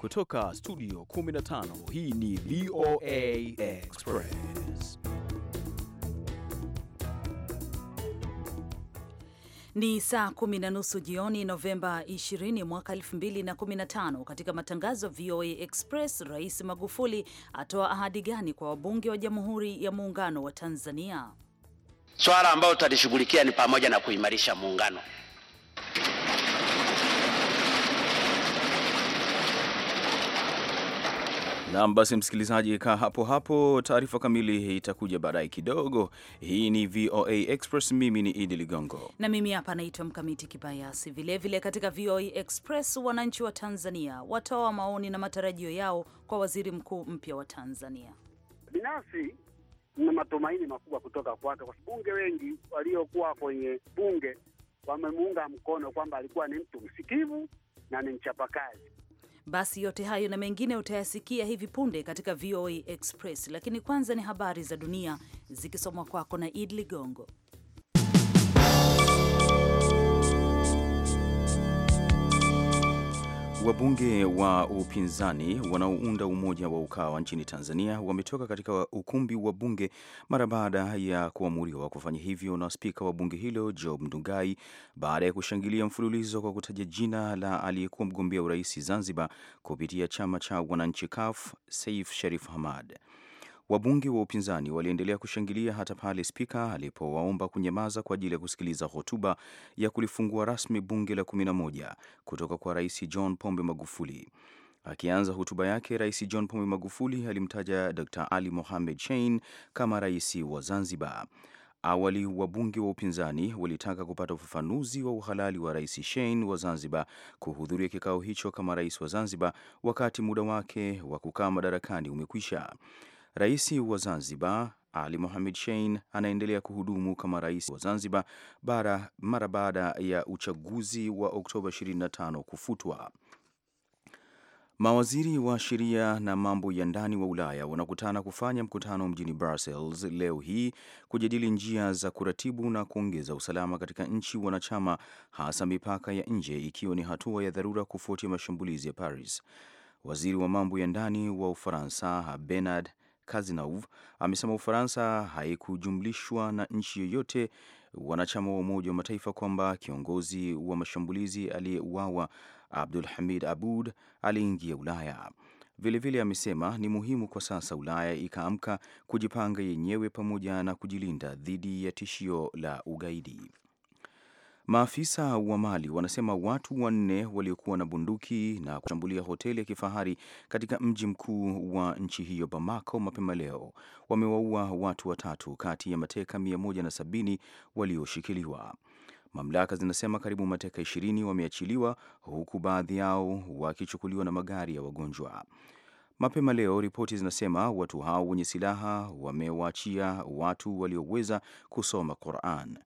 Kutoka studio 15 hii ni VOA Express. Ni saa kumi na nusu jioni Novemba 20 mwaka 2015. Katika matangazo ya VOA Express, Rais Magufuli atoa ahadi gani kwa wabunge wa Jamhuri ya Muungano wa Tanzania? Swala ambayo tutalishughulikia ni pamoja na kuimarisha muungano Naam, basi msikilizaji, kaa hapo hapo, taarifa kamili itakuja baadaye kidogo. Hii ni VOA Express, mimi ni Idi Ligongo na mimi hapa naitwa Mkamiti Kibayasi. Vilevile katika VOA Express, wananchi wa Tanzania watoa maoni na matarajio yao kwa waziri mkuu mpya wa Tanzania. Binafsi na matumaini makubwa kutoka kwake, kwa sababu bunge wengi waliokuwa kwenye bunge wamemuunga mkono kwamba alikuwa ni mtu msikivu na ni mchapakazi. Basi yote hayo na mengine utayasikia hivi punde katika VOA Express, lakini kwanza ni habari za dunia zikisomwa kwako na Id Ligongo. Wabunge wa upinzani wanaounda umoja wa Ukawa nchini Tanzania wametoka katika ukumbi wa bunge mara baada ya kuamuriwa kufanya hivyo na spika wa bunge hilo Job Ndugai baada ya kushangilia mfululizo kwa kutaja jina la aliyekuwa mgombea urais Zanzibar kupitia chama cha wananchi CUF Saif Sharif Hamad. Wabunge wa upinzani waliendelea kushangilia hata pale spika alipowaomba kunyamaza kwa ajili ya kusikiliza hotuba ya kulifungua rasmi bunge la 11 kutoka kwa Rais John Pombe Magufuli. Akianza hotuba yake, Rais John Pombe Magufuli alimtaja Dr. Ali Mohamed Shein kama rais wa Zanzibar. Awali wabunge wa upinzani walitaka kupata ufafanuzi wa uhalali wa Rais Shein wa Zanzibar kuhudhuria kikao hicho kama rais wa Zanzibar wakati muda wake wa kukaa madarakani umekwisha. Rais wa Zanzibar Ali Mohamed Shein anaendelea kuhudumu kama rais wa Zanzibar bara mara baada ya uchaguzi wa Oktoba 25 kufutwa. Mawaziri wa sheria na mambo ya ndani wa Ulaya wanakutana kufanya mkutano mjini Brussels leo hii kujadili njia za kuratibu na kuongeza usalama katika nchi wanachama, hasa mipaka ya nje, ikiwa ni hatua ya dharura kufuatia mashambulizi ya Paris. Waziri wa mambo ya ndani wa Ufaransa Bernard Kazinauv amesema Ufaransa haikujumlishwa na nchi yoyote wanachama wa Umoja wa Mataifa kwamba kiongozi wa mashambulizi aliyeuawa Abdul Hamid Abud aliingia Ulaya. Vilevile vile amesema ni muhimu kwa sasa Ulaya ikaamka kujipanga yenyewe pamoja na kujilinda dhidi ya tishio la ugaidi. Maafisa wa Mali wanasema watu wanne waliokuwa na bunduki na kushambulia hoteli ya kifahari katika mji mkuu wa nchi hiyo Bamako mapema leo wamewaua watu watatu kati ya mateka 170 walioshikiliwa. Mamlaka zinasema karibu mateka 20 wameachiliwa huku baadhi yao wakichukuliwa na magari ya wagonjwa. Mapema leo ripoti zinasema watu hao wenye silaha wamewaachia watu walioweza kusoma Quran.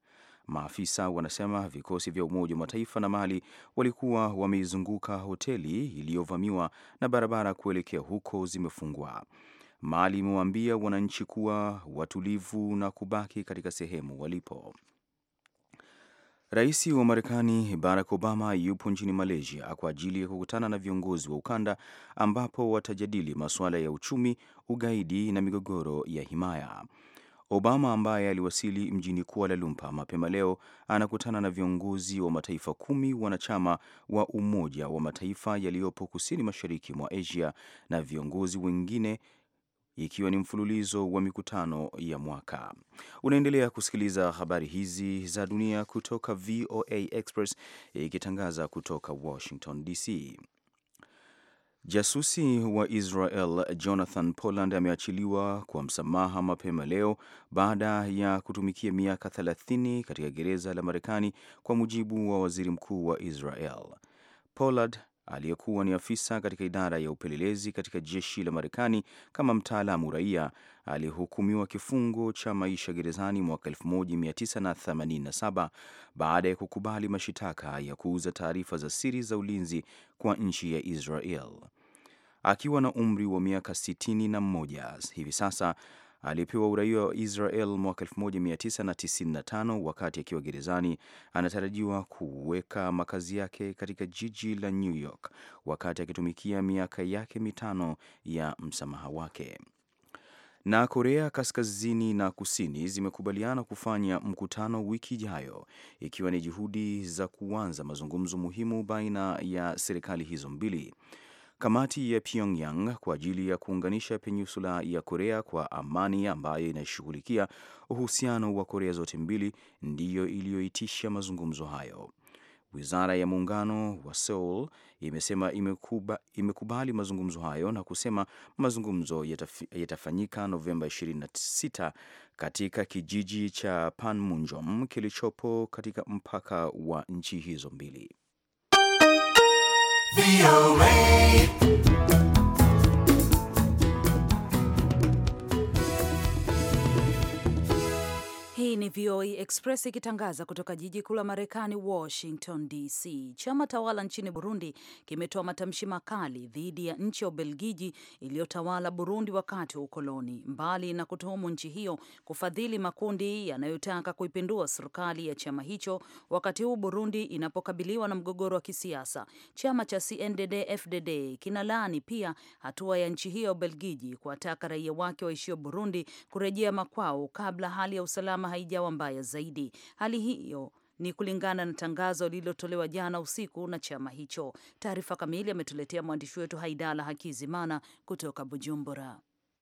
Maafisa wanasema vikosi vya Umoja wa Mataifa na Mali walikuwa wameizunguka hoteli iliyovamiwa na barabara kuelekea huko zimefungwa. Mali imewaambia wananchi kuwa watulivu na kubaki katika sehemu walipo. Rais wa Marekani Barack Obama yupo nchini Malaysia kwa ajili ya kukutana na viongozi wa ukanda ambapo watajadili masuala ya uchumi, ugaidi na migogoro ya himaya. Obama ambaye aliwasili mjini Kuala Lumpur mapema leo anakutana na viongozi wa mataifa kumi wanachama wa Umoja wa Mataifa yaliyopo kusini mashariki mwa Asia na viongozi wengine ikiwa ni mfululizo wa mikutano ya mwaka. Unaendelea kusikiliza habari hizi za dunia kutoka VOA Express ikitangaza kutoka Washington DC. Jasusi wa Israel Jonathan poland ameachiliwa kwa msamaha mapema leo baada ya kutumikia miaka 30 katika gereza la Marekani, kwa mujibu wa waziri mkuu wa Israel. poland aliyekuwa ni afisa katika idara ya upelelezi katika jeshi la Marekani kama mtaalamu raia aliyehukumiwa kifungo cha maisha gerezani mwaka 1987 baada ya kukubali mashitaka ya kuuza taarifa za siri za ulinzi kwa nchi ya Israel akiwa na umri wa miaka 61 hivi sasa aliyepewa uraia wa Israel mwaka 1995 wakati akiwa gerezani, anatarajiwa kuweka makazi yake katika jiji la New York wakati akitumikia miaka yake mitano ya msamaha wake. Na Korea Kaskazini na Kusini zimekubaliana kufanya mkutano wiki ijayo ikiwa ni juhudi za kuanza mazungumzo muhimu baina ya serikali hizo mbili. Kamati ya Pyongyang kwa ajili ya kuunganisha peninsula ya Korea kwa amani ambayo inashughulikia uhusiano wa Korea zote mbili ndiyo iliyoitisha mazungumzo hayo. Wizara ya Muungano wa Seoul imesema imekuba, imekubali mazungumzo hayo na kusema mazungumzo yataf, yatafanyika Novemba 26 katika kijiji cha Panmunjom kilichopo katika mpaka wa nchi hizo mbili. VOA. Hii ni VOA Express ikitangaza kutoka jiji kuu la Marekani, Washington DC. Chama tawala nchini Burundi kimetoa matamshi makali dhidi ya nchi ya Ubelgiji iliyotawala Burundi wakati wa ukoloni, mbali na kutuhumu nchi hiyo kufadhili makundi yanayotaka kuipindua serikali ya chama hicho, wakati huu Burundi inapokabiliwa na mgogoro wa kisiasa. Chama cha CNDD-FDD kinalaani pia hatua ya nchi hiyo ya Ubelgiji kuwataka raia wake waishio Burundi kurejea makwao kabla hali ya usalama haijawa mbaya zaidi. Hali hiyo ni kulingana na tangazo lililotolewa jana usiku na chama hicho. Taarifa kamili ametuletea mwandishi wetu Haidala Hakizimana kutoka Bujumbura.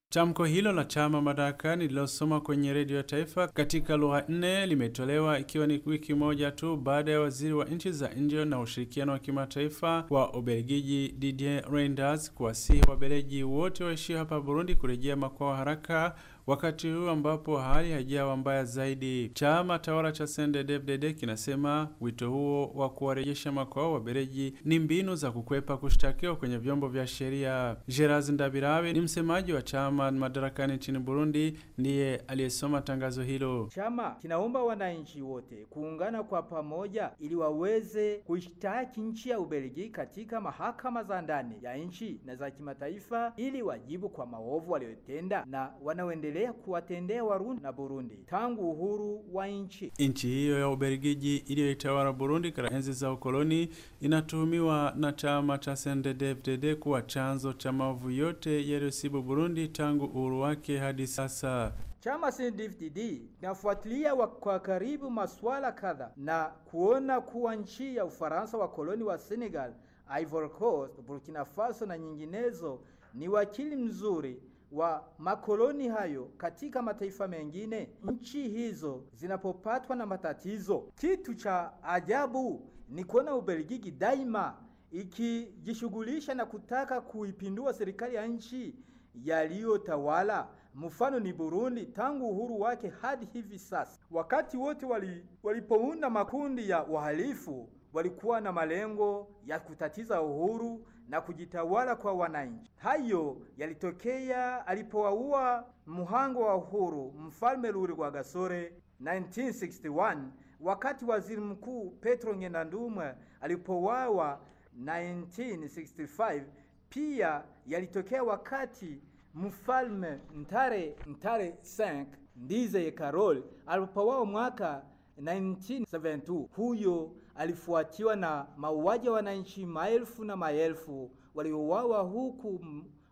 Tamko hilo la chama madarakani lililosoma kwenye redio ya taifa katika lugha nne limetolewa ikiwa ni wiki moja tu baada ya waziri wa nchi za nje na ushirikiano wa kimataifa wa Ubelgiji Didier Reinders kuwasihi wabeleji wote waishio hapa Burundi kurejea makwao haraka wakati huu ambapo hali haijawa mbaya zaidi. Chama tawala cha CNDD-FDD kinasema wito huo wa kuwarejesha makwao wabereji ni mbinu za kukwepa kushtakiwa kwenye vyombo vya sheria. Geraz Ndabirawe ni msemaji wa chama madarakani nchini Burundi, ndiye aliyesoma tangazo hilo. Chama kinaomba wananchi wote kuungana kwa pamoja ili waweze kuishtaki nchi ya Ubelgiji katika mahakama za ndani ya nchi na za kimataifa ili wajibu kwa maovu waliyotenda na wanaoendelea kuendelea kuwatendea Warundi na Burundi tangu uhuru wa nchi. Nchi hiyo ya Ubelgiji iliyoitawala Burundi katika enzi za ukoloni inatuhumiwa na chama cha CNDD-FDD kuwa chanzo cha maovu yote yaliyosibu Burundi tangu uhuru wake hadi sasa. Chama CNDD-FDD kinafuatilia kwa karibu masuala kadha na kuona kuwa nchi ya Ufaransa wakoloni wa Senegal, Ivory Coast, Burkina Faso na nyinginezo ni wakili mzuri wa makoloni hayo katika mataifa mengine, nchi hizo zinapopatwa na matatizo, kitu cha ajabu ni kuona Ubelgiji daima ikijishughulisha na kutaka kuipindua serikali ya nchi yaliyotawala. Mfano ni Burundi, tangu uhuru wake hadi hivi sasa. Wakati wote wali, walipounda makundi ya wahalifu walikuwa na malengo ya kutatiza uhuru na kujitawala kwa wananchi. Hayo yalitokea alipowaua muhango wa uhuru Mfalme kwa Gasore 1961 wakati waziri mkuu Petro Ngendandumwe alipowawa 1965. Pia yalitokea wakati mfalme Ntare Ntare 5 Ndizeye Karol alipowawa mwaka 1972. Huyo alifuatiwa na mauaji ya wananchi maelfu na maelfu waliouawa huku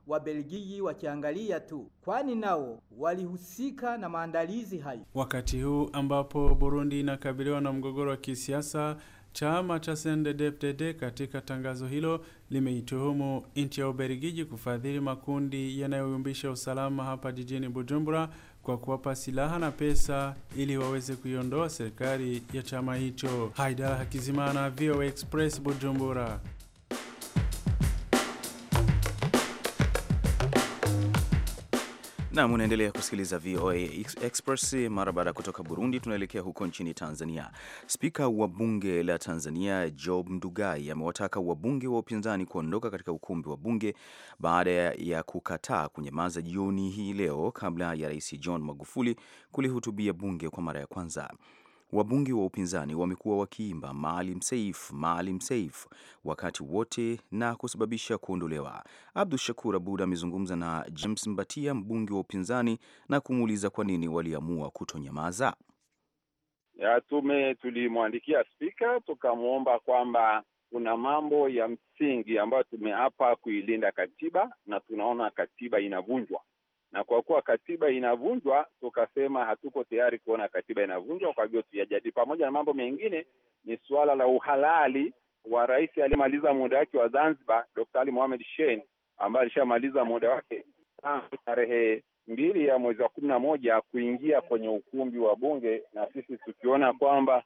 Wabelgiji wakiangalia tu, kwani nao walihusika na maandalizi hayo. Wakati huu ambapo Burundi inakabiliwa na mgogoro wa kisiasa, chama cha CNDD-FDD katika tangazo hilo limeituhumu nchi ya Ubelgiji kufadhili makundi yanayoyumbisha usalama hapa jijini Bujumbura kwa kuwapa silaha na pesa ili waweze kuiondoa serikali ya chama hicho. Haidara Hakizimana, VOA Express, Bujumbura. Nam, unaendelea kusikiliza VOA Express mara baada ya kutoka Burundi. Tunaelekea huko nchini Tanzania. Spika wa bunge la Tanzania Job Ndugai amewataka wabunge wa upinzani kuondoka katika ukumbi wa bunge baada ya kukataa kunyamaza jioni hii leo kabla ya Rais John Magufuli kulihutubia bunge kwa mara ya kwanza. Wabunge wa upinzani wamekuwa wakiimba Maalim Seif, Maalim Seif wakati wote na kusababisha kuondolewa. Abdu Shakur Abud amezungumza na James Mbatia, mbunge wa upinzani, na kumuuliza kwa nini waliamua kutonyamaza. Tume tulimwandikia spika tukamwomba kwamba kuna mambo ya msingi ambayo tumeapa kuilinda katiba na tunaona katiba inavunjwa na kwa kuwa katiba inavunjwa, tukasema hatuko tayari kuona katiba inavunjwa. Kwa hivyo tuyajadili, pamoja na mambo mengine, ni suala la uhalali wa rais aliyemaliza muda wake wa Zanzibar, Dr. Ali Mohamed Shein ambaye alishamaliza muda wake tangu tarehe mbili ya mwezi wa kumi na moja kuingia kwenye ukumbi wa Bunge, na sisi tukiona kwamba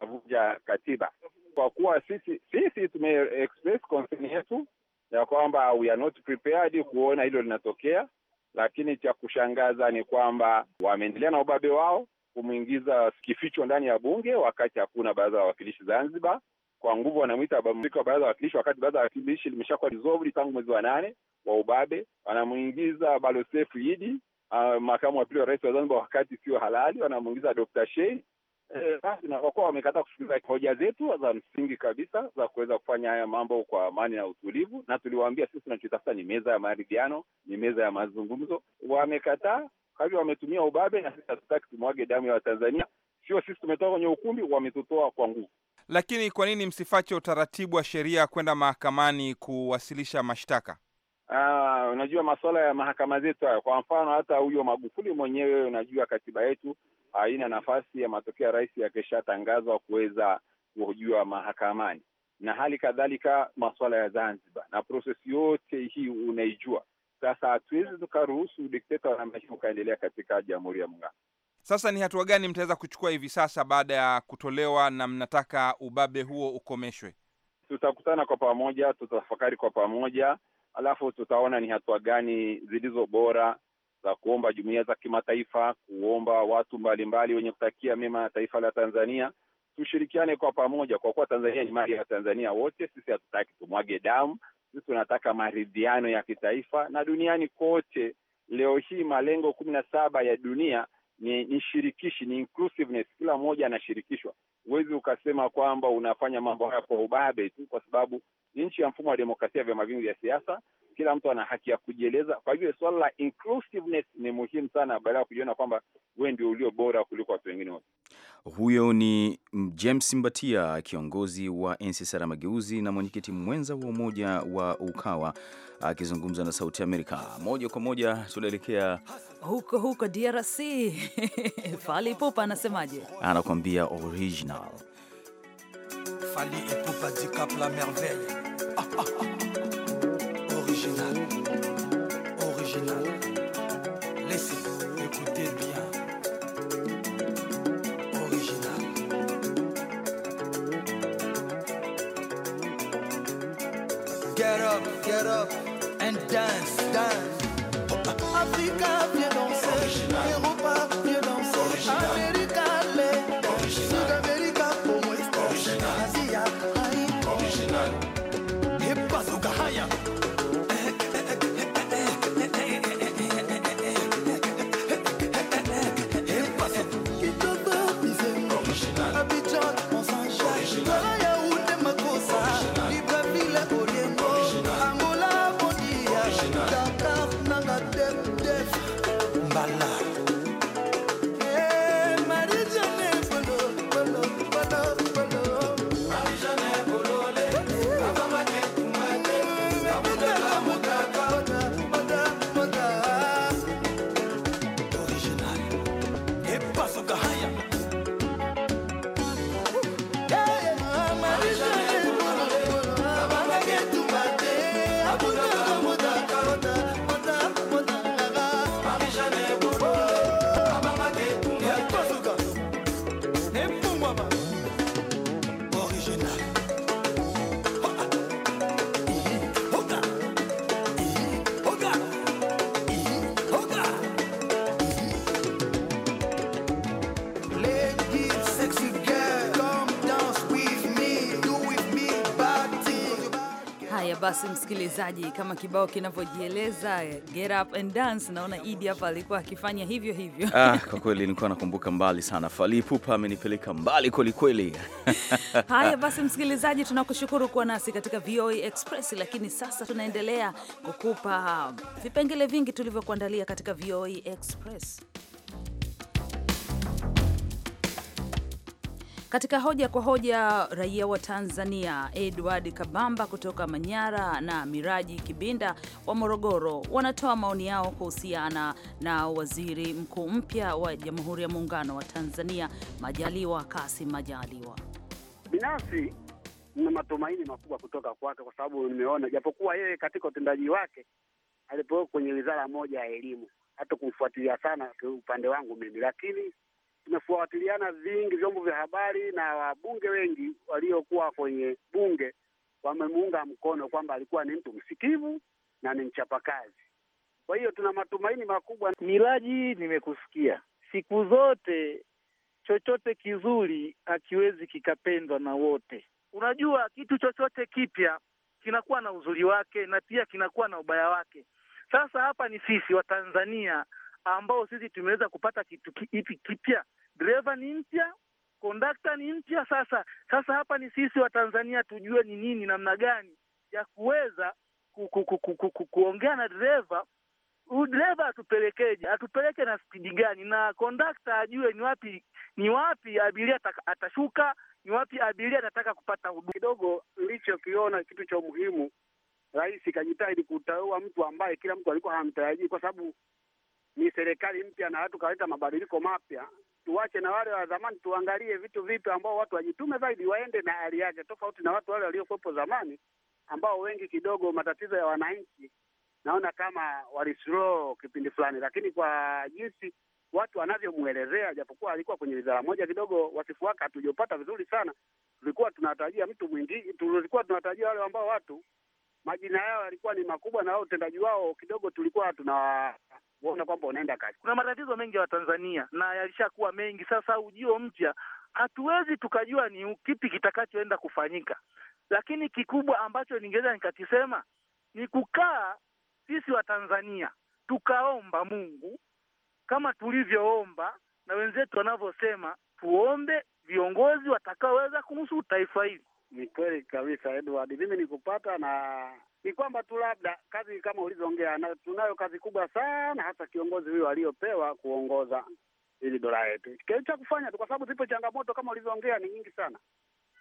vunja katiba, kwa kuwa sisi sisi tume express concern yetu ya kwamba we are not prepared kuona hilo linatokea lakini cha kushangaza ni kwamba wameendelea na ubabe wao kumwingiza kificho ndani ya bunge wakati hakuna baraza la wawakilishi Zanzibar. Kwa nguvu wanamwita spika wa baraza la wawakilishi wakati baraza la wawakilishi limeshakuwa dissolved tangu mwezi wa nane wa ubabe. Wanamwingiza Balosefu Idi, uh, ah, makamu wa pili wa rais wa Zanzibar wakati sio halali. Wanamwingiza Dr. Shein Eh, basi na wamekataa kusikiliza hoja zetu za msingi kabisa za kuweza kufanya haya mambo kwa amani na utulivu, na tuliwaambia sisi tunachotafuta ni meza ya maridhiano, ni meza ya mazungumzo. Wamekataa, kwa hivyo wametumia ubabe, na sisi hatutaki tumwage damu ya Watanzania. Sio sisi tumetoka kwenye ukumbi, wametutoa kwa nguvu. Lakini kwa nini msifache utaratibu wa sheria kwenda mahakamani kuwasilisha mashtaka? Ah, unajua masuala ya mahakama zetu haya, kwa mfano hata huyo Magufuli mwenyewe, unajua katiba yetu haina nafasi ya matokeo ya rais yakishatangazwa kuweza kuhojiwa mahakamani, na hali kadhalika masuala ya Zanzibar na proses yote hii unaijua. Sasa hatuwezi tukaruhusu dikteta wa namna hii ukaendelea katika Jamhuri ya Muungano. Sasa ni hatua gani mtaweza kuchukua hivi sasa baada ya kutolewa na mnataka ubabe huo ukomeshwe? Tutakutana kwa pamoja, tutafakari kwa pamoja, alafu tutaona ni hatua gani zilizo bora za kuomba jumuia za kimataifa, kuomba watu mbalimbali wenye kutakia mema ya taifa la Tanzania tushirikiane kwa pamoja, kwa kuwa Tanzania ni mali ya Tanzania wote. Sisi hatutaki tumwage damu, sisi tunataka maridhiano ya kitaifa. Na duniani kote leo hii malengo kumi na saba ya dunia ni, ni shirikishi, ni inclusiveness, kila mmoja anashirikishwa. Huwezi ukasema kwamba unafanya mambo haya kwa ubabe tu, kwa sababu ni nchi ya mfumo wa demokrasia vya vyama vingi vya siasa, kila mtu ana haki ya kujieleza. Kwa hivyo swala la inclusiveness ni muhimu sana, badala ya kujiona kwamba wewe ndio ulio bora kuliko watu wengine wote. Huyo ni James Mbatia, kiongozi wa NCCR Mageuzi na mwenyekiti mwenza wa umoja wa UKAWA akizungumza na Sauti Amerika. Moja kwa moja tunaelekea huko huko DRC Fally Ipupa Anna Anakuambia original. Fally Ipupa dicap la merveille. Original. Original. Laissez écouter bien. Original. Get up, get up and dance, dance. Africa basi msikilizaji, kama kibao kinavyojieleza get up and dance, naona Idi hapa alikuwa akifanya hivyo hivyo. Ah, kwa kweli nilikuwa nakumbuka mbali sana, Fally Ipupa amenipeleka mbali kwelikweli. Haya basi, msikilizaji, tunakushukuru kuwa nasi katika VOA Express, lakini sasa tunaendelea kukupa vipengele vingi tulivyokuandalia katika VOA Express. Katika hoja kwa hoja, raia wa Tanzania Edward Kabamba kutoka Manyara na Miraji Kibinda wa Morogoro wanatoa maoni yao kuhusiana na waziri mkuu mpya wa Jamhuri ya Muungano wa Tanzania Majaliwa Kasim Majaliwa. Binafsi na matumaini makubwa kutoka kwake, kwa sababu nimeona, japokuwa yeye katika utendaji wake alipowekwa kwenye wizara moja ya elimu, hata kumfuatilia sana upande wangu mimi, lakini tumefuatiliana vingi vyombo vya habari na wabunge wengi waliokuwa kwenye bunge wamemuunga mkono kwamba alikuwa ni mtu msikivu na ni mchapakazi. Kwa hiyo tuna matumaini makubwa. Miraji, nimekusikia siku zote, chochote kizuri hakiwezi kikapendwa na wote. Unajua, kitu chochote kipya kinakuwa na uzuri wake na pia kinakuwa na ubaya wake. Sasa hapa ni sisi Watanzania ambao sisi tumeweza kupata kitu kipi kipya dereva ni mpya, kondakta ni mpya. Sasa sasa hapa ni sisi wa tanzania tujue ni nini, namna gani ya kuweza kuongea na dereva huyu dereva atupelekeje, atupeleke na spidi gani, na kondakta ajue ni wapi ni wapi abiria atashuka, ni wapi abiria anataka kupata huduma. Kidogo nilichokiona kitu cha umuhimu, rais kajitahidi kuteua mtu ambaye kila mtu alikuwa hamtarajii, kwa sababu ni serikali mpya na watu kaleta mabadiliko mapya tuwache na wale wa zamani, tuangalie vitu vipi ambao watu wajitume zaidi, waende na hali yake, tofauti na watu wale waliokuwepo zamani ambao wengi kidogo matatizo ya wananchi naona kama walislow kipindi fulani, lakini kwa jinsi watu wanavyomwelezea, japokuwa alikuwa kwenye wizara moja kidogo, wasifu wake hatujopata vizuri sana. Tulikuwa tunatarajia mtu mwingine, tulikuwa tunatarajia wale ambao watu majina yao yalikuwa ni makubwa na wao utendaji wao kidogo tulikuwa tuna uone kwamba unaenda kazi. Kuna matatizo mengi ya Watanzania na yalishakuwa mengi. Sasa ujio mpya, hatuwezi tukajua ni kipi kitakachoenda kufanyika, lakini kikubwa ambacho ningeweza nikakisema ni kukaa sisi Watanzania tukaomba Mungu kama tulivyoomba na wenzetu wanavyosema, tuombe viongozi watakaoweza kuhusu taifa hili. Ni kweli kabisa Edward, mimi nikupata na ni kwamba tu labda kazi kama ulizoongea, na tunayo kazi kubwa sana, hasa kiongozi huyo aliyopewa kuongoza ili dola yetu cha kufanya tu, kwa sababu zipo changamoto kama ulizoongea ni nyingi sana.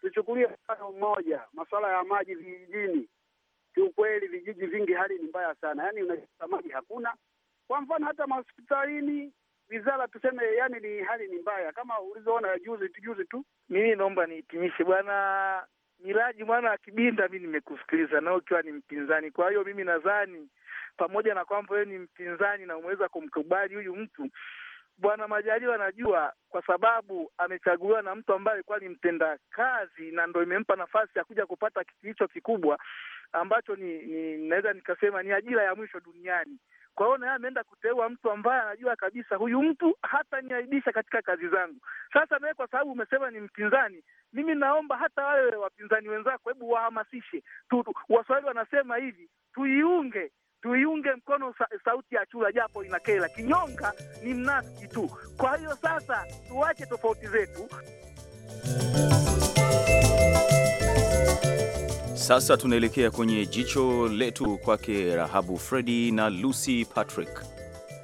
Tuchukulie mfano mmoja, masuala ya maji vijijini. Kiukweli vijiji vingi hali ni mbaya sana, yaani unakuta maji hakuna. Kwa mfano hata mahospitalini, wizara tuseme, yani ni hali ni mbaya kama ulizoona juzi tu juzi tu. Mimi naomba nihitimishe bwana Miraji mwana wa Kibinda, mi nimekusikiliza nao ukiwa ni mpinzani. Kwa hiyo mimi nadhani pamoja na kwamba wewe ni mpinzani na umeweza kumkubali huyu mtu Bwana Majaliwa anajua kwa sababu amechaguliwa na mtu ambaye alikuwa ni mtenda kazi, na ndo imempa nafasi ya kuja kupata kiti hicho kikubwa ambacho ni, ni naweza nikasema ni ajira ya mwisho duniani. Kwa hiyo naye ameenda kuteua mtu ambaye anajua kabisa huyu mtu hata niaibisha katika kazi zangu. Sasa naye kwa sababu umesema ni mpinzani, mimi naomba hata wale wapinzani wenzako, hebu wahamasishe tu. Waswahili wanasema hivi, tuiunge tuiunge mkono sa sauti ya chura, japo inakela. Kinyonga ni mnafiki tu. Kwa hiyo sasa tuache tofauti zetu. Sasa tunaelekea kwenye jicho letu kwake Rahabu Fredi na Lucy Patrick.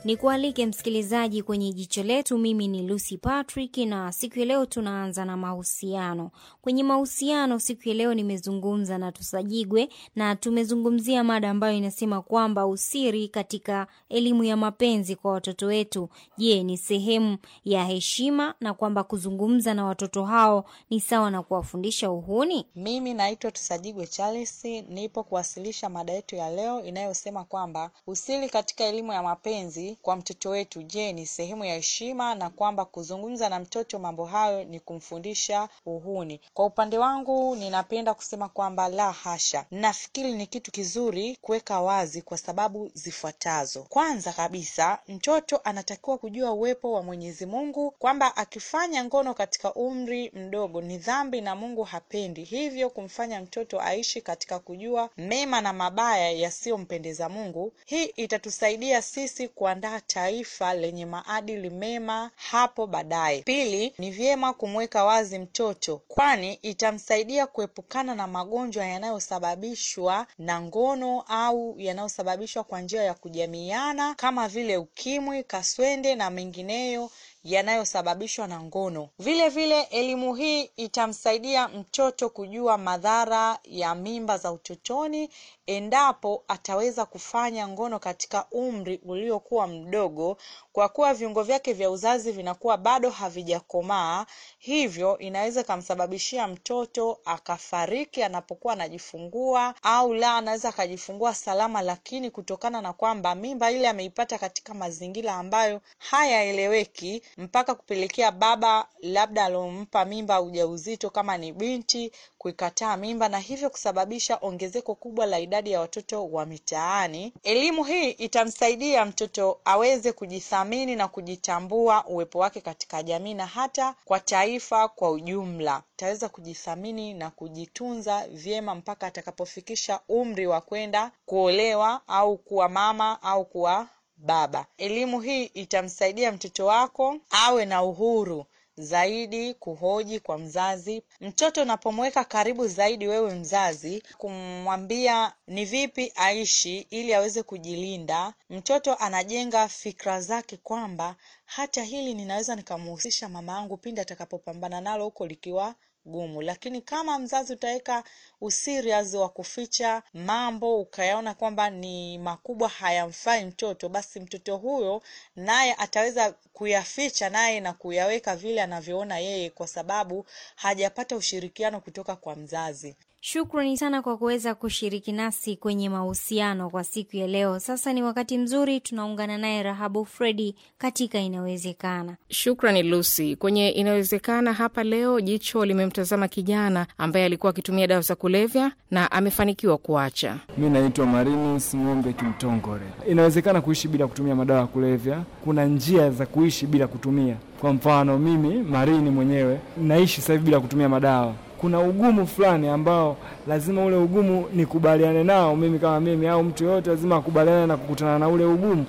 Ni kualike msikilizaji kwenye jicho letu. Mimi ni Lucy Patrick na siku ya leo tunaanza na mahusiano. Kwenye mahusiano siku ya leo nimezungumza na Tusajigwe na tumezungumzia mada ambayo inasema kwamba usiri katika elimu ya mapenzi kwa watoto wetu, je, ni sehemu ya heshima na kwamba kuzungumza na watoto hao ni sawa na kuwafundisha uhuni? Mimi naitwa Tusajigwe Charles, nipo kuwasilisha mada yetu ya leo inayosema kwamba usiri katika elimu ya mapenzi kwa mtoto wetu, je, ni sehemu ya heshima na kwamba kuzungumza na mtoto mambo hayo ni kumfundisha uhuni? Kwa upande wangu ninapenda kusema kwamba la hasha. Nafikiri ni kitu kizuri kuweka wazi kwa sababu zifuatazo. Kwanza kabisa, mtoto anatakiwa kujua uwepo wa Mwenyezi Mungu, kwamba akifanya ngono katika umri mdogo ni dhambi na Mungu hapendi, hivyo kumfanya mtoto aishi katika kujua mema na mabaya yasiyompendeza Mungu. Hii itatusaidia sisi kwa kuandaa taifa lenye maadili mema hapo baadaye. Pili, ni vyema kumweka wazi mtoto, kwani itamsaidia kuepukana na magonjwa yanayosababishwa na ngono au yanayosababishwa kwa njia ya kujamiana kama vile ukimwi, kaswende na mengineyo yanayosababishwa na ngono. Vile vile elimu hii itamsaidia mtoto kujua madhara ya mimba za utotoni, endapo ataweza kufanya ngono katika umri uliokuwa mdogo kwa kuwa viungo vyake vya uzazi vinakuwa bado havijakomaa hivyo inaweza ikamsababishia mtoto akafariki anapokuwa anajifungua au la anaweza akajifungua salama lakini kutokana na kwamba mimba ile ameipata katika mazingira ambayo hayaeleweki mpaka kupelekea baba labda aliompa mimba ujauzito kama ni binti kuikataa mimba na hivyo kusababisha ongezeko kubwa la idadi ya watoto wa mitaani. Elimu hii itamsaidia mtoto aweze kujithamini na kujitambua uwepo wake katika jamii na hata kwa taifa kwa ujumla. Ataweza kujithamini na kujitunza vyema mpaka atakapofikisha umri wa kwenda kuolewa au kuwa mama au kuwa baba. Elimu hii itamsaidia mtoto wako awe na uhuru zaidi kuhoji kwa mzazi. Mtoto unapomweka karibu zaidi wewe mzazi, kumwambia ni vipi aishi ili aweze kujilinda, mtoto anajenga fikra zake kwamba hata hili ninaweza nikamhusisha mama yangu pindi atakapopambana nalo huko likiwa gumu, lakini kama mzazi utaweka usirias wa kuficha mambo ukayaona kwamba ni makubwa hayamfai mtoto, basi mtoto huyo naye ataweza kuyaficha naye na kuyaweka vile anavyoona yeye, kwa sababu hajapata ushirikiano kutoka kwa mzazi. Shukrani sana kwa kuweza kushiriki nasi kwenye mahusiano kwa siku ya leo. Sasa ni wakati mzuri tunaungana naye Rahabu Fredi katika Inawezekana. Shukrani Lucy. Kwenye Inawezekana hapa leo, jicho limemtazama kijana ambaye alikuwa akitumia dawa za kulevya na amefanikiwa kuacha. Mi naitwa Marinus Ng'ombe Kimtongore. Inawezekana kuishi bila kutumia madawa ya kulevya. Kuna njia za kuishi bila kutumia. Kwa mfano, mimi Marini mwenyewe naishi sasa hivi bila kutumia madawa kuna ugumu fulani ambao lazima ule ugumu nikubaliane nao mimi kama mimi au mtu yoyote lazima akubaliane na kukutana na ule ugumu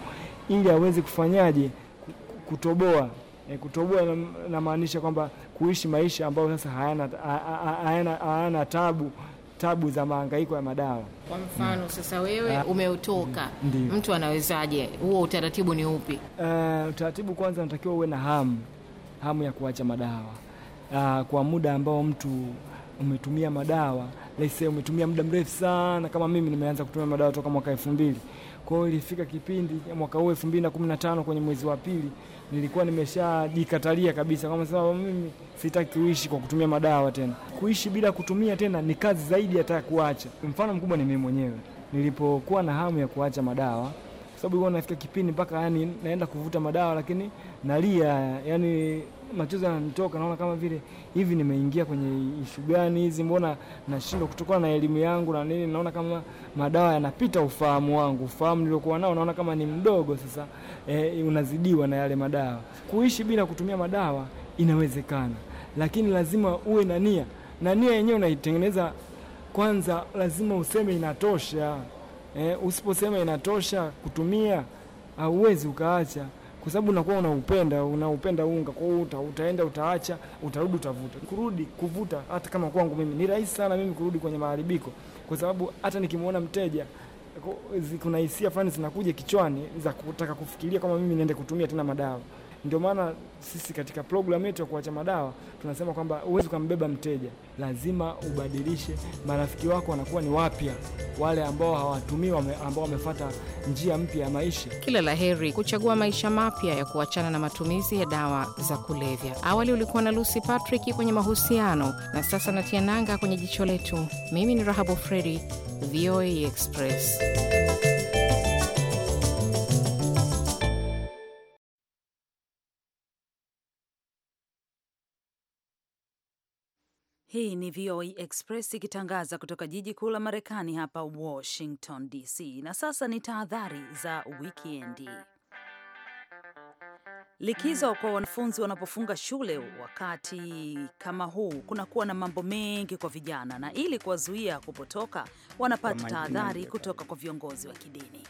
ili aweze kufanyaje kutoboa e, kutoboa namaanisha na kwamba kuishi maisha ambayo sasa hayana, hayana, hayana tabu tabu za mahangaiko ya madawa. Kwa mfano mm. Sasa wewe ah. umeutoka mm. mtu anawezaje? Huo utaratibu ni upi? Uh, utaratibu kwanza, unatakiwa uwe na hamu hamu ya kuacha madawa uh, kwa muda ambao mtu umetumia madawa lese, umetumia muda mrefu sana. Kama mimi nimeanza kutumia madawa toka mwaka elfu mbili. kwao ilifika kipindi mwaka huu elfu mbili na kumi na tano kwenye mwezi wa pili nilikuwa nimeshajikatalia kabisa, kama sema mimi sitaki kuishi kwa kutumia madawa tena. Kuishi bila kutumia tena ni kazi zaidi hata ya kuacha. Mfano mkubwa ni mimi mwenyewe nilipokuwa na hamu ya kuacha madawa, kwa sababu ilikuwa nafika kipindi mpaka yani naenda kuvuta madawa, lakini nalia yani machozi yanatoka, naona kama vile hivi nimeingia kwenye ishu gani hizi, mbona nashindwa kutokana na elimu yangu na nini. Naona kama madawa yanapita ufahamu wangu, ufahamu niliokuwa nao, naona kama ni mdogo sasa. E, unazidiwa na yale madawa. Kuishi bila kutumia madawa inawezekana, lakini lazima uwe na nia, na nia yenyewe unaitengeneza kwanza. Lazima useme inatosha. E, usiposema inatosha kutumia, hauwezi ukaacha kwa sababu unakuwa unaupenda unaupenda unga. Kwa uta, utaenda utaacha, utarudi utavuta. Kurudi kuvuta, hata kama kwangu mimi ni rahisi sana mimi kurudi kwenye maharibiko, kwa sababu hata nikimwona mteja kuna hisia fulani zinakuja kichwani za kutaka kufikiria kama mimi niende kutumia tena madawa. Ndio maana sisi katika programu yetu ya kuacha madawa tunasema kwamba huwezi ukambeba mteja, lazima ubadilishe. Marafiki wako wanakuwa ni wapya, wale ambao hawatumii, ambao wamefata njia mpya ya maisha. Kila la heri kuchagua maisha mapya ya kuachana na matumizi ya dawa za kulevya. Awali ulikuwa na Lucy Patrick kwenye mahusiano, na sasa natia nanga kwenye jicho letu. Mimi ni Rahabu Fredi, VOA Express. Hii ni VOA e Express ikitangaza kutoka jiji kuu la Marekani hapa Washington DC. Na sasa ni tahadhari za wikendi. Likizo kwa wanafunzi wanapofunga shule wakati kama huu, kunakuwa na mambo mengi kwa vijana, na ili kuwazuia kupotoka, wanapata tahadhari kutoka kwa viongozi wa kidini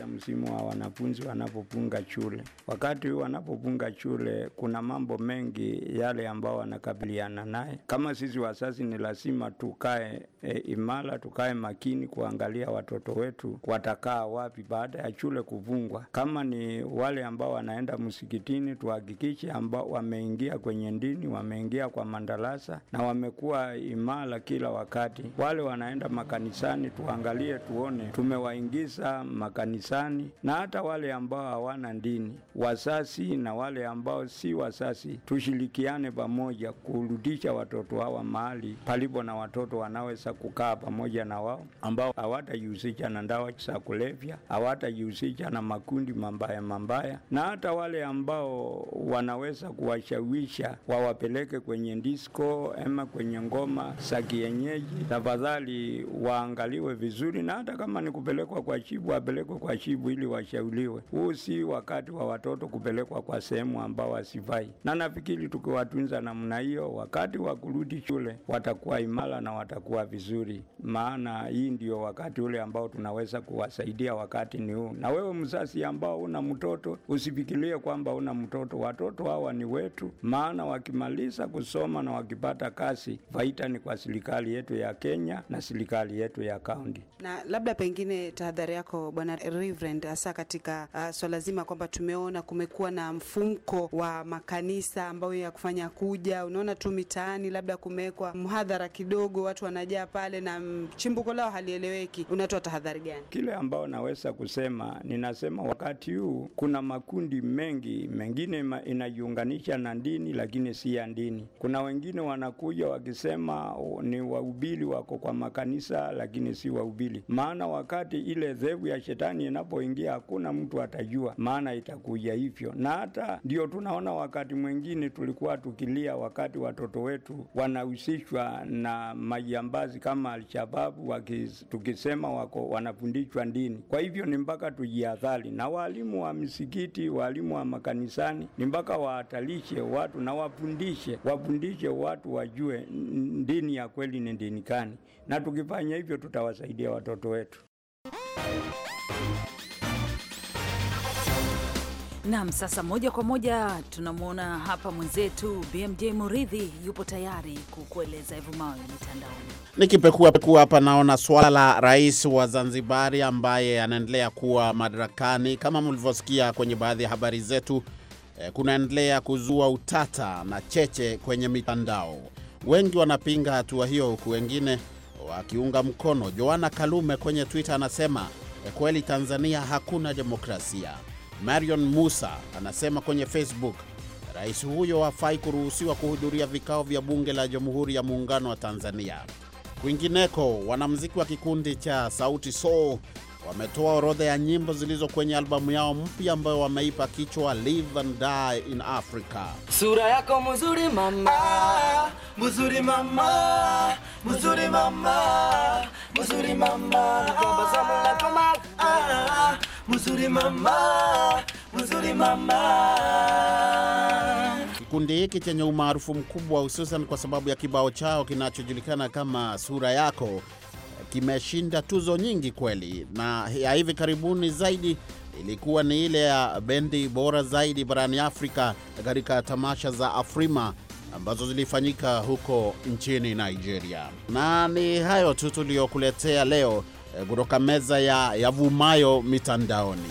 ya msimu wa wanafunzi wanapopunga shule. Wakati wanapopunga shule, kuna mambo mengi yale ambao wanakabiliana naye. Kama sisi wazazi, ni lazima tukae e, imara, tukae makini kuangalia watoto wetu watakaa wapi baada ya shule kufungwa. Kama ni wale ambao wanaenda msikitini, tuhakikishe ambao wameingia kwenye dini, wameingia kwa madarasa na wamekuwa imara kila wakati. Wale wanaenda makanisani, tuangalie tuone tumewaingiza makanisani kanisani na hata wale ambao hawana dini, wasasi na wale ambao si wasasi, tushirikiane pamoja kurudisha watoto hawa mahali palipo na watoto wanaweza kukaa pamoja na wao, ambao hawatajihusisha na ndawa za kulevya, hawatajihusisha na makundi mambaya mambaya, na hata wale ambao wanaweza kuwashawisha wawapeleke kwenye disco ama kwenye ngoma za kienyeji, tafadhali waangaliwe vizuri, na hata kama ni kupelekwa kwa chibu, apelekwe kwa washibu ili washauliwe Huu si wakati wa watoto kupelekwa kwa sehemu ambao wasifai, na nafikiri tukiwatunza namna hiyo, wakati wa kurudi shule watakuwa imara na watakuwa vizuri, maana hii ndio wakati ule ambao tunaweza kuwasaidia. Wakati ni huu. Na wewe mzazi ambao una mtoto usifikirie kwamba una mtoto, watoto hawa ni wetu, maana wakimaliza kusoma na wakipata kazi, faida ni kwa serikali yetu ya Kenya na serikali yetu ya kaunti. Na labda pengine tahadhari yako bwana Reverend, hasa katika uh, swala zima kwamba tumeona kumekuwa na mfumko wa makanisa ambayo ya kufanya kuja, unaona tu mitaani labda kumewekwa mhadhara kidogo, watu wanajaa pale na chimbuko lao halieleweki. Unatoa tahadhari gani? Kile ambao naweza kusema, ninasema wakati huu kuna makundi mengi, mengine inajiunganisha na dini lakini si ya dini. Kuna wengine wanakuja wakisema ni waubili wako kwa makanisa lakini si waubili maana wakati ile dhehebu ya shetani inapoingia hakuna mtu atajua, maana itakuja hivyo. Na hata ndio tunaona wakati mwingine tulikuwa tukilia wakati watoto wetu wanahusishwa na majambazi kama Alshababu, tukisema wako wanafundishwa dini. Kwa hivyo ni mpaka tujihadhari, na walimu wa misikiti, walimu wa makanisani, ni mpaka waatalishe watu na wafundishe, wafundishe watu wajue dini ya kweli ni dini gani, na tukifanya hivyo tutawasaidia watoto wetu. Nam, sasa moja kwa moja tunamwona hapa mwenzetu BMJ Muridhi yupo tayari kukueleza ya mitandaoni. Nikipekua pekua hapa, naona swala la rais wa Zanzibari ambaye anaendelea kuwa madarakani kama mlivyosikia kwenye baadhi ya habari zetu, eh, kunaendelea kuzua utata na cheche kwenye mitandao. Wengi wanapinga hatua hiyo, huku wengine wakiunga mkono. Joana Kalume kwenye Twitter anasema kweli Tanzania hakuna demokrasia. Marion Musa anasema kwenye Facebook, rais huyo hafai kuruhusiwa kuhudhuria vikao vya bunge la Jamhuri ya Muungano wa Tanzania. Kwingineko, wanamuziki wa kikundi cha Sauti Sol wametoa orodha ya nyimbo zilizo kwenye albamu yao mpya ambayo wameipa kichwa Live and Die in Africa. Sura yako mzuri mama, mzuri mama, mzuri mama, mzuri mama, mzuri mama mzuri mama, mzuri mama. Kikundi hiki chenye umaarufu mkubwa hususan kwa sababu ya kibao chao kinachojulikana kama sura yako kimeshinda tuzo nyingi kweli, na ya hivi karibuni zaidi ilikuwa ni ile ya bendi bora zaidi barani Afrika katika tamasha za Afrima ambazo zilifanyika huko nchini Nigeria. Na ni hayo tu tuliyokuletea leo. Eh, kutoka meza ya yavumayo mitandaoni.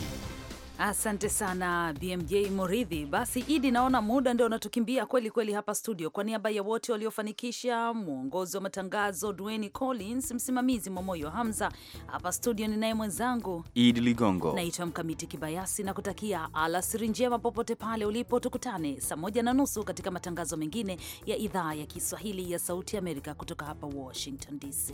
Asante sana BMJ Muridhi. Basi Idi, naona muda ndio unatukimbia kweli kweli hapa studio. Kwa niaba ya wote waliofanikisha, mwongozi wa matangazo Dwayne Collins, msimamizi Mwamoyo Hamza, hapa studio ni naye mwenzangu Idi Ligongo, naitwa Mkamiti Kibayasi na kutakia alasiri njema popote pale ulipo. Tukutane saa moja na nusu katika matangazo mengine ya idhaa ya Kiswahili ya Sauti Amerika kutoka hapa Washington DC.